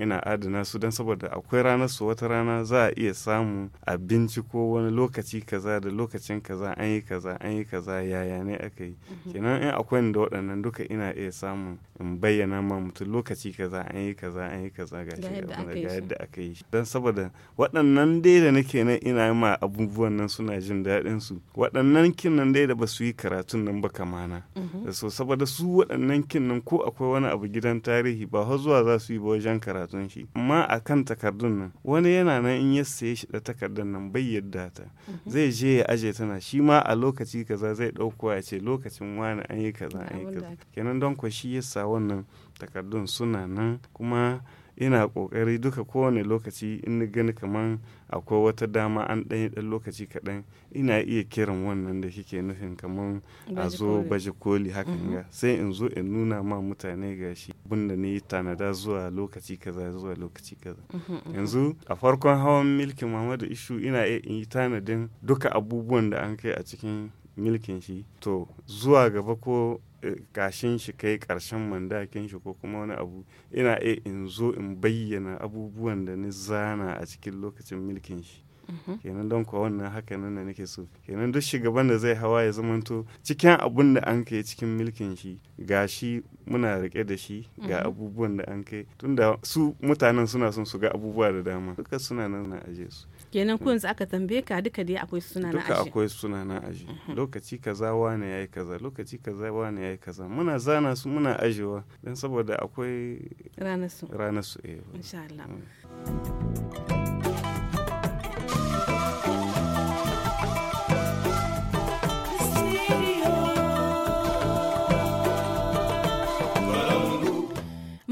ina adana su don saboda akwai ranar su wata rana za a iya samu abinci ko wani lokaci kaza da lokacin kaza an yi kaza an yi kaza yaya ne aka yi mhm. kenan in akwai da waɗannan duka ina iya samun in bayyana ma mutum lokaci kaza an yi kaza an yi kaza ga yadda aka yi don saboda waɗannan dai da nake nan ina ma abubuwan nan suna jin daɗin su waɗannan kin nan dai da ba su yi karatun nan ba kamana mhm. so saboda su waɗannan kin nan ko akwai wani abu gidan tarihi ba zuwa za su yi wajen karatun shi amma a kan takardun nan wani yana nan in ya saye shi da takardun nan bai yadda ta mhm. zai je ya aje tana shi ma a lokaci kaza zai ɗauko ya ce lokacin wani an yi kaza an yi kaza kenan don ko shi yasa wannan takardun suna nan kuma ina ƙoƙari duka kowane lokaci in na gani kaman akwai wata dama an ɗanyi ɗan lokaci kaɗan ina iya kiran wannan da kike nufin kamar a zo baje koli hakan mm-hmm. ga sai in zo in nuna ma mutane gashi abinda ni tanada zuwa lokaci kaza zuwa lokaci kaza mm-hmm, mm-hmm. yanzu a farkon hawan milkin mamadu Ishu ina iya in yi tanadin duka abubuwan da an kai a cikin milkin shi to zuwa gaba ko kashin shi kai karshen mandakin shi ko kuma wani abu ina iya in zo in bayyana abubuwan da ni zana a cikin lokacin milkin shi mm-hmm. kenan don kuwa wannan haka nan da nake so kenan duk shugaban da zai hawa ya zamanto cikin abun da an kai cikin milkin shi ga shi muna rike da shi ga mm-hmm. abubuwan da an kai tunda su mutanen suna son su ga abubuwa da dama duka suna nan na aje su kenan kun hmm. aka tambaye ka duka dai akwai suna na aji duka akwai suna na aji mhm. lokaci kaza wane yayi kaza lokaci kaza wane yayi kaza muna zana su muna ajewa dan saboda akwai ranar su ranar su eh insha Allah mm.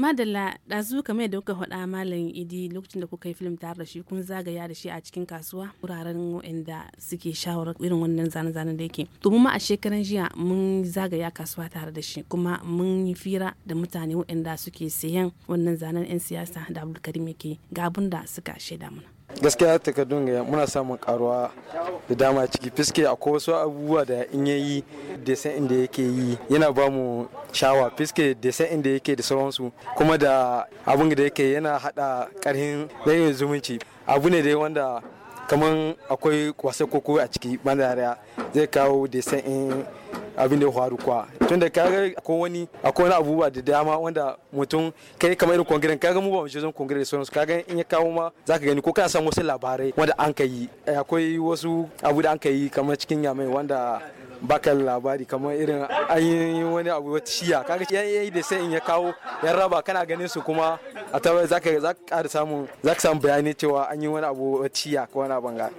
madalla ɗazu kamar da kuka faɗa malam idi lokacin da kuka yi film tare da shi kun zagaya da shi a cikin kasuwa wuraren waɗanda suke shawarar irin wannan zane-zanen da yake to ma a shekaran jiya mun zagaya kasuwa tare da shi kuma mun yi fira da mutane waɗanda suke sayan wannan zanen 'yan siyasa da abdulkarim yake ga abin da suka shaida mana gaskiya takardun muna samun karuwa da dama ciki fiske a wasu abubuwa da in ya yi desen inda yake yi yana ba mu shawa fiske desen inda yake da sauransu kuma da abin da yake yana hada karhin danyen zumunci abu ne dai wanda kamar akwai wasa koko a ciki bandariya zai kawo desen in abin da ya faru kuwa tunda kaga ko wani akwai wani abubuwa da dama wanda mutum kai kamar irin kongiren kaga mu ba mu je zon kongiren sauran su kaga in ya kawo ma zaka gani ko ka samu wasu labarai wanda an ka yi eh, akwai wasu abu da an ka yi kamar cikin yamai wanda bakan labari kamar irin ainihin wani abu wata shiya kaga yan yayi da sai in ya kawo ya raba kana ganin su kuma a tabbai zaka zaka ƙara samu zaka samu bayani cewa an yi wani abu wata shiya ko wani abin ga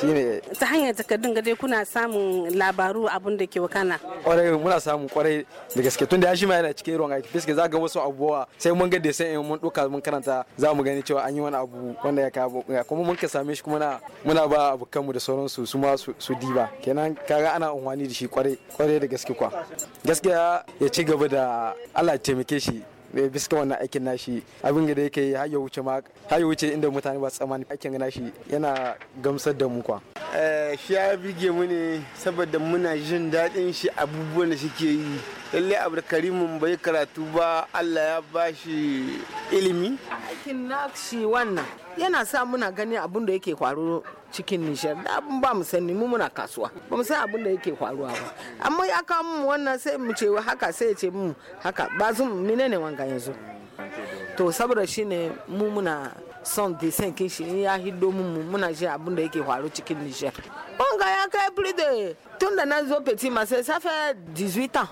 shine ta hanyar takardun ga dai kuna samun labaru abun da ke wakana kwarai muna samun kwarai da gaske tunda ya shi ma yana cikin ruwan aiki fiske zaka ga wasu abubuwa sai mun ga da sai mun duka mun karanta za mu gani cewa an yi wani abu wanda ya kawo kuma mun ka same shi kuma muna ba abokanmu da sauransu su ma su diba kenan kaga ana unwani amfani da shi kwarai da gaske kwa gaskiya ya ci gaba da Allah taimake shi eh, biska wannan aikin nashi abin da yake har ya wuce ma har ya wuce inda mutane ba tsammani aikin nashi yana gamsar da mu kwa eh, shi ya bige mu ne saboda muna jin daɗin shi abubuwan da suke yi lallai abdulkarimin bai karatu ba allah ya bashi ilimi aikin nashi wannan yana sa muna gani abin da yake kwaro cikin nishar da abin ba mu sani mu muna kasuwa ba mu san abin da yake faruwa ba amma ya kawo mu wannan sai mu ce haka sai ya ce mu haka ba su ne wanga yanzu to saboda shine mu muna son design kin shi ya hiddo mu muna shi abin da yake faru cikin nishar wanga ya kai tun da na zo peti ma sai safe 18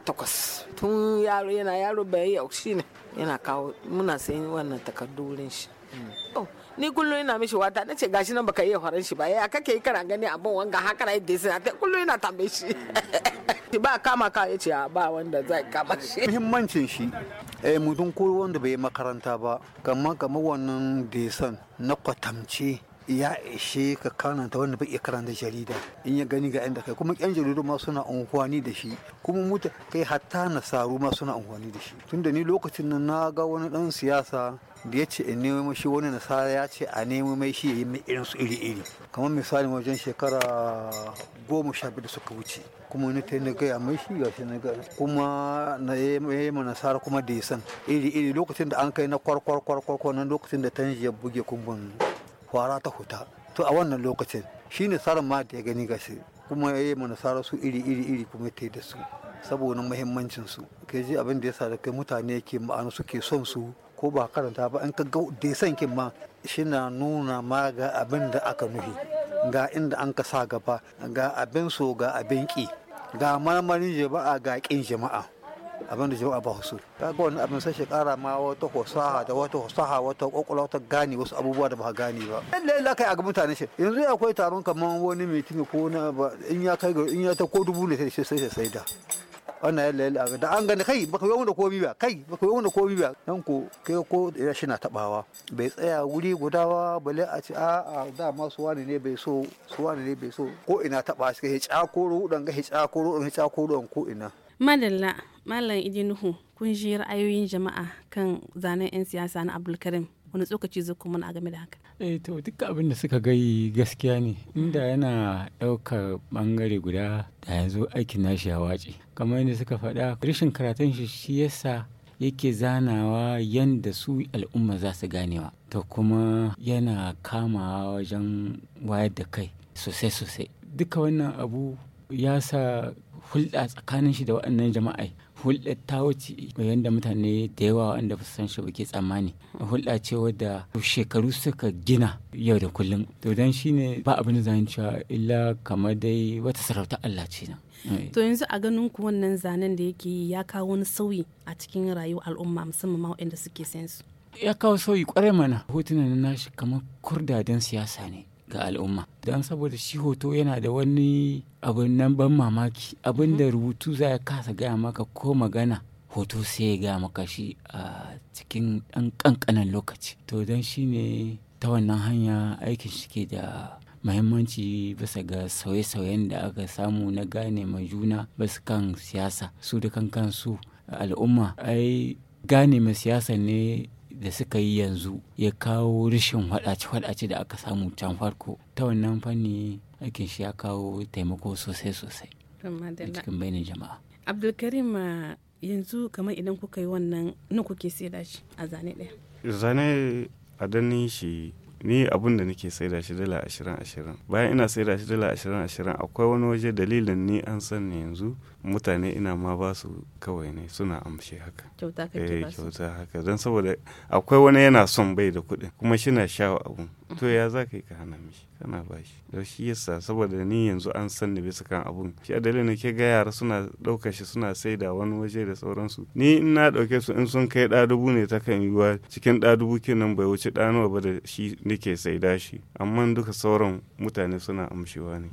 takwas tun yaro yana yaro bai yau yana kawo muna sayin wannan takardu wurin shi hmm. oh, ni kullum ina mishi wata na ce gashi nan baka iya horon shi ba ya kake yi kana gani abin wanga haka na yadda sai ta kullum ina tambaye shi mm. ba kama ka ya ce ah, ba wanda zai kama shi muhimmancin shi eh mutum ko wanda bai makaranta ba kamar kamar wannan desan na kwatamce ya ishe ka karanta wanda bai iya karanta jarida in ya gani ga inda kai kuma yan jaridu ma suna unhuwani da shi kuma muta kai hatta nasaru ma suna unhuwani da shi tunda ni lokacin nan na ga wani dan siyasa da ya ce in nemo shi wani nasara ya ce a nemo mai shi ya yi mai irin su iri iri kamar misali wajen shekara goma sha biyu da suka wuce kuma ni ta yi gaya mai shi ga shi na kuma na yi ma nasara kuma da ya san iri iri lokacin da an kai na kwarkwar kwarkwar nan lokacin da yi ya buge kumbun kwara ta huta to a wannan lokacin shi tsarin ma da ya gani ga shi kuma ya yi manasara su iri iri iri kuma ta da su saboda muhimmancin su ke ji abin da ya sa da kai mutane ke ma'ana suke son su ko ba karanta ba an ka ga da ya kin ma shi na nuna ma ga abin da aka nufi ga inda an ka sa gaba ga abin so ga abin ki ga marmarin jama'a ga kin jama'a abin da jama'a ba su ga wani abin sai shi kara ma wata fasaha da wata fasaha wata kokola wata gani wasu abubuwa da ba gani ba lalle la kai a ga mutane shi yanzu akwai taron kaman wani mitin ko na in ya kai in ya ta ko dubu ne sai sai sai da wannan yalla yalla da an gani kai baka yi da komi ba kai baka yi da komi ba dan ko kai ko ya shina tabawa bai tsaya wuri guda ba bale a ce a a da ma su wani ne bai so su wani ne bai so ko ina taba shi kai ya cakoro dan ga ya cakoro dan ya cakoro ko ina madalla Malam Idinuhu, kun ji ra'ayoyin jama'a kan zanen 'yan siyasa na Abdulkarim. Wani tsokaci zai kuma a game da haka? Eh to duk abin da suka gai gaskiya ne. Inda yana ɗaukar ɓangare guda da yanzu aikin nashi ya wace. Kamar yadda suka faɗa, rashin karatun shi shi yasa yake zanawa yadda su al'umma za su ganewa. To kuma yana kama wajen wayar da kai sosai-sosai. Duka wannan abu ya sa hulɗa tsakanin shi da waɗannan jama'ai hulɗar ta wuce yadda mutane da yawa wanda ba su san shi ba ke tsammani hulɗa ce wadda shekaru suka gina yau da kullum to dan shine ba abin da cewa illa kamar dai wata sarauta Allah ce na eh. to yanzu a ganin ku wannan zanen da yake yi ya kawo wani sauyi a cikin rayuwar al'umma musamman ma waɗanda suke sayan ya kawo sauyi kwarai mana hotunan nashi kamar kurdaden siyasa ne ga al'umma don saboda shi hoto yana da wani abin nan ban mamaki abin da rubutu za ya kasa gaya maka ko magana hoto sai ya gaya maka shi a cikin ɗan ƙanƙanan lokaci to don shi ne ta wannan hanya aikin shi ke da mahimmanci bisa ga sauye-sauyen da aka samu na gane mai juna basu kan siyasa su da kan kansu al'umma ai gane mai siyasa ne da suka yi yanzu ya kawo rashin faɗace-faɗace da aka samu can farko ta wannan fanni aikin shi ya kawo taimako sosai sosai a cikin bainin jama'a abdulkarim yanzu kamar idan kuka yi wannan na kuke saida shi a zane ɗaya zane a danin shi ni abin da nake saida shi dala ashirin ashirin bayan ina saida shi dala ashirin ashirin akwai wani waje dalilin ni an san yanzu mutane ina ma ba su kawai ne suna amshe haka kyauta eh, haka don saboda akwai wani yana son bai da kuɗin kuma shi na sha abu to ya za ka yi ka hana mishi kana ba shi da shi yasa saboda ni yanzu an san ni bisa kan abun shi a dalilin ke ga yara suna ɗauka shi suna saida wani waje da sauransu ni in na ɗauke su in sun kai ɗa dubu ne ta kan yiwa cikin ɗa dubu kenan bai wuce ɗa ba da shi nake saida shi amma duka sauran mutane suna amshewa ne.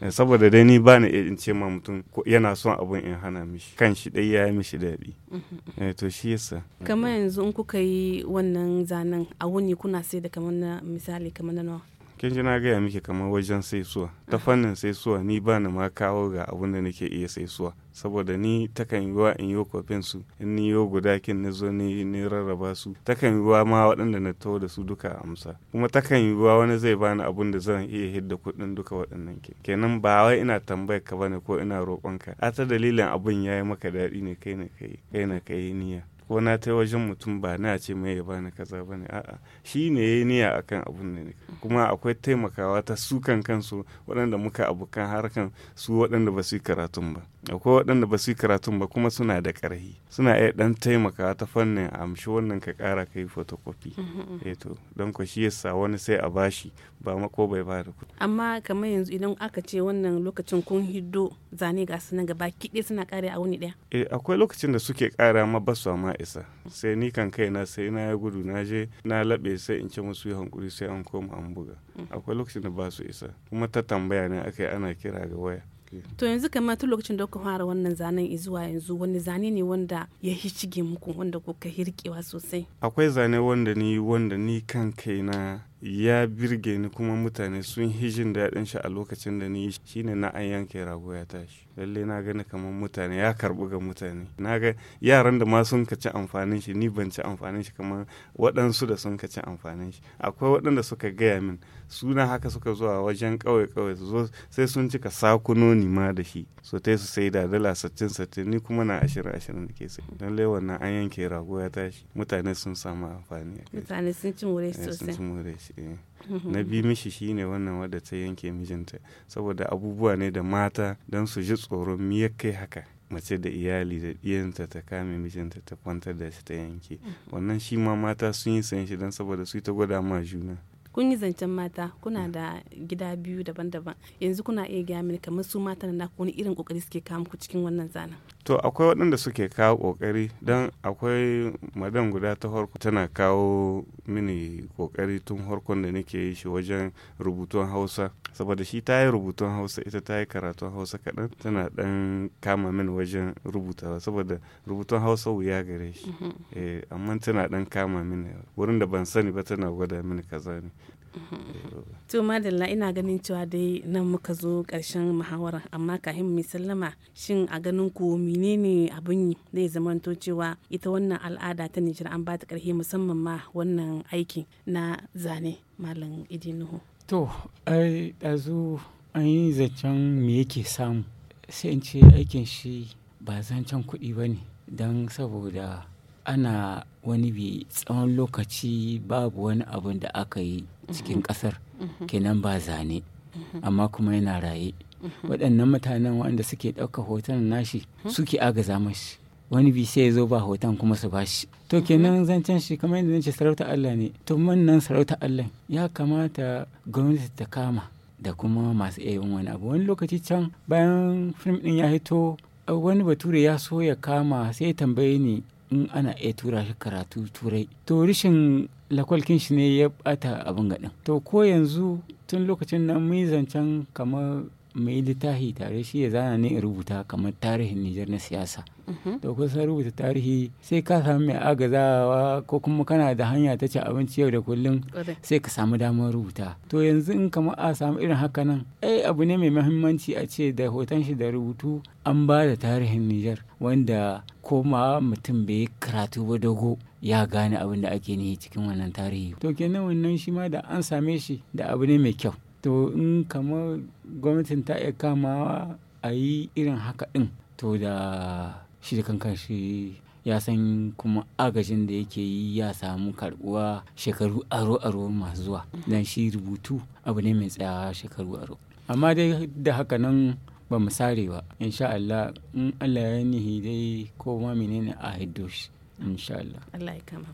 Eh, saboda dai ni ba ni in ce ma mutum yana son abun in hana mishi kan shi dai ya yi mishi daɗi mm-hmm. eh, to shi yasa kamar yanzu in kuka yi wannan zanen a wuni kuna sai da kamar na misali kamar na nawa kin ji na gaya miki kamar wajen saisuwa ta fannin saisuwa ni ba ni ma kawo ga abun da nake iya saisuwa saboda ni takan wa in yi kofin su in ni yo guda kin na zo ni ni rarraba su takan wa ma waɗanda na taho da su duka amsa kuma takan wa wani zai bani abun da zan iya hidda kuɗin duka waɗannan ke kenan ba wai ina tambayar ka bane ko ina roƙon ka a ta dalilin abun yi maka daɗi ne kai na kai kai na kai niyya ko na ta wajen mutum ba na ce mai ya bani kaza ba ne a'a shi ne ya yi niyya akan abun ne kuma akwai taimakawa ta su kan kansu waɗanda muka abokan harkan su waɗanda ba su yi karatun ba akwai waɗanda ba su yi karatun ba kuma suna da ƙarhi suna iya ɗan taimaka ta fannin amshi wannan ka ƙara kai fotokofi mm-hmm. eto eh don ku shi yasa wani sai a bashi ba mako bai ba da kuɗi amma kamar yanzu idan aka ce wannan lokacin kun hiddo zane ga su gaba kiɗe suna ƙare a wuni ɗaya eh, akwai lokacin da suke ƙara ma ba su ma isa sai ni kan kaina sai na ya gudu na je na laɓe sai in ce musu yi hankuri sai an koma an buga mm. akwai lokacin da ba su isa kuma ta tambaya ne aka ana kira ga waya to yanzu kamar tun lokacin da kuka fara wannan zanen zuwa yanzu wani zane ne wanda ya hicige muku wanda kuka hirkewa sosai akwai zane wanda ni wanda ni kan kaina ya birge ni kuma mutane sun yi jin daɗin shi a lokacin da ni shine na an yanke rago ya tashi lalle na gani kamar mutane ya karbu ga mutane na ga yaran da ma sun kaci amfanin shi ni ban ci amfanin shi kamar waɗansu da sun kaci amfanin shi akwai waɗanda suka gaya min suna haka suka zuwa wajen ƙauye ƙauye su zo sai sun cika ni ma da shi so tai su sai da dala sattin sattin ni kuma na ashirin ashirin da ke sai lalle wannan an yanke rago ya tashi mutane sun samu amfani mutane sun ci mure sosai mace eh. na bi mishi shine wannan wadda ta yanke mijinta saboda abubuwa ne da mata don su ji tsoron miya kai haka mace da iyali da ɗiyanta ta kame mijinta ta kwantar da shi ta yanke mm-hmm. wannan shi ma mata sun yi san shi don saboda su ta gwada ma juna kun yi zancen mata kuna da gida biyu daban-daban yanzu kuna iya gaya mini kamar su mata na naku wani irin kokari suke kawo ku cikin wannan zana. to akwai waɗanda suke kawo kokari don akwai madan guda ta harko tana kawo mini kokari tun harkon da nake yi shi wajen rubutun hausa saboda shi ta yi rubutun hausa ita ta yi karatun hausa kaɗan tana ɗan kama min wajen rubutawa saboda rubutun hausa wuya gare shi mm-hmm. eh, amma tana ɗan kama mini wurin da ban sani ba tana gwada mini kaza ne to madalla ina ganin cewa dai nan muka zo ƙarshen muhawara amma kahin mai sallama shin a ganin ku menene abin zai zamanto cewa ita wannan al'ada ta nijar an ba ta ƙarfi musamman ma wannan aiki na zane malam idinuhu to ai dazu an yi zancen me yake samu sai in ce aikin shi ba zancen kuɗi ba ne don saboda ana wani bi tsawon lokaci babu wani abin da aka yi cikin kasar mm-hmm. mm-hmm. kenan ba zane mm-hmm. amma kuma yana raye waɗannan mutanen waɗanda suke ɗauka hoton nashi suke agaza mashi wani bi sai ya zo ba hoton kuma su bashi to kenan zancen shi kamar yadda nace sarauta Allah ne to nan sarauta Allah ya kamata gwamnati ta kama da kuma masu iya yin wani abu wani lokaci can bayan fim din ya hito wani bature ya so ya kama sai ya tambaye ni in ana iya tura shi karatu turai to rishin lakwalkin shi ne ya bata abin gaɗin to ko yanzu tun lokacin nan mun zancen kamar mai littafi tare shi ya zana ne in rubuta kamar tarihin Nijar na siyasa. Mhm. To kusan rubuta tarihi sai ka samu mai agazawa ko kuma kana da hanya ta ci abinci yau da kullum sai ka samu damar rubuta. To yanzu in kamar a samu irin haka nan, ai abu ne mai mahimmanci a ce da hoton shi da rubutu an ba da tarihin Nijar wanda koma mutum bai karatu ba dogo. ya gane abin da ake ni cikin wannan tarihi to kenan wannan shi ma da an same shi da abu ne mai kyau to in kamar gwamnatin ta iya kama a yi irin haka ɗin to da shi da kankan shi ya san kuma agajin da yake yi ya samu karbuwa shekaru aro-aro masu zuwa don shi rubutu abu ne mai tsayawa shekaru aro amma dai da haka nan ba mu sare ba insha Allah in Allah ya nihi dai ko ma menene a hiddoshi shi insha Allah Allah ya kama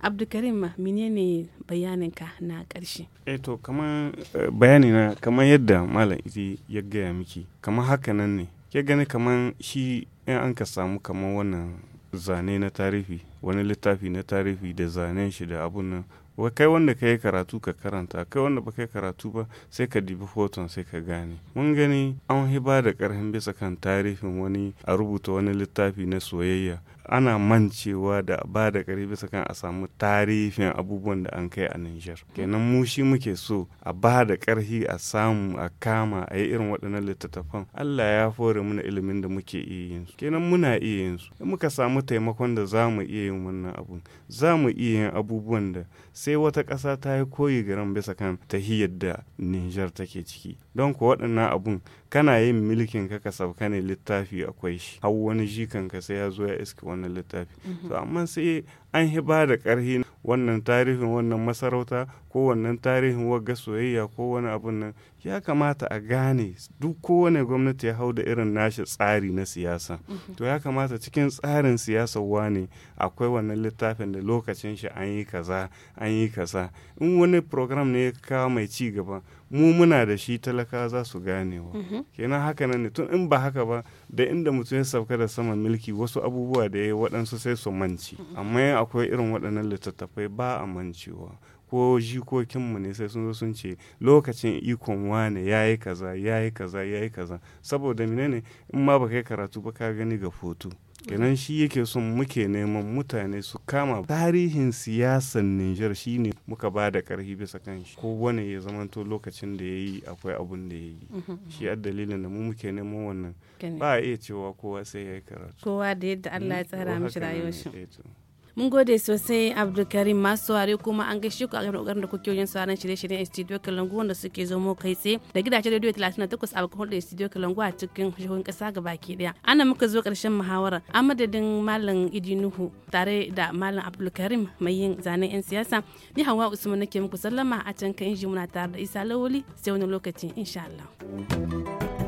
Abdulkarim menene bayaninka na ƙarshe eh to kaman eh, bayani na kaman yadda malam izi ya gaya miki kama haka nan ne ke gani kaman shi in an ka samu kaman wannan zane na tarihi wani littafi na tarihi da zanen shi da abun nan kai wanda ka yi karatu ka karanta kai wanda ba kai karatu ba sai ka dibi hoton sai ka gane mun gani an hiba da karhin bisa kan tarihin wani a rubuta wani littafi na soyayya ana mancewa da ba da ƙari bisa kan a samu tarihin abubuwan da an kai a Nijar. Kenan mu shi muke so a ba da ƙarfi a samu a kama a yi irin waɗannan littattafan. Allah ya fore muna ilimin da muke iya yin su. Kenan muna iya yin su. In muka samu taimakon da za mu iya yin wannan abun. Za mu iya yin abubuwan da sai wata ƙasa ta yi koyi garan bisa kan tahiyar da Nijar take ciki. Don ko waɗannan abun kana yin milkin ka ka sauka ne littafi akwai shi. Hau wani jikan ka sai ya zo ya iske wannan littafi to amma sai an hiba ba da ƙarhi wannan tarihin wannan masarauta ko wannan tarihin wagga soyayya ko wani abun nan ya kamata a gane duk kowane gwamnati ya hau da irin nashi tsari na siyasa mhm. to ya kamata cikin tsarin siyasa wane akwai wannan littafin da lokacin shi an yi kaza an yi kaza in wani program ne ya kawo mai ci gaba mu muna da shi talaka za su ganewa mhm. kenan haka nan ne tun in ba haka ba da inda mutum ya sauka da saman milki wasu abubuwa da ya waɗansu sai su manci mhm. amma akwai irin waɗannan littattafai ba a mancewa ko jikokinmu ne sai sun zo sun ce lokacin ikon wane ya yi kaza ya yi kaza ya yi kaza saboda mine ne in ma ba kai karatu ba ka gani ga foto kenan shi yake son muke neman mutane su kama tarihin siyasar Nijar shi ne muka ba da karfi bisa kan shi ko wani ya zamanto lokacin da ya yi akwai abun da ya yi shi a dalilin da mu muke neman wannan ba a iya cewa kowa sai ya yi karatu kowa da yadda Allah ya hmm? tsara mishi rayuwar shi eh mun gode sosai abdulkarim masu ware kuma an gaishe ku a kan ƙoƙarin da kuke wajen sauran shirye-shiryen studio kalangu wanda suke zo mu kai tsaye da gidajen radio 38 a bakon da studio kalangu a cikin kasa ƙasa gabaki ɗaya ana muka zo ƙarshen muhawarar a madadin malam idi nuhu tare da malam abdulkarim mai yin zanen 'yan siyasa ni hawa usman nake muku sallama a can kan inji muna tare da isa lawoli sai wani lokaci insha Allah.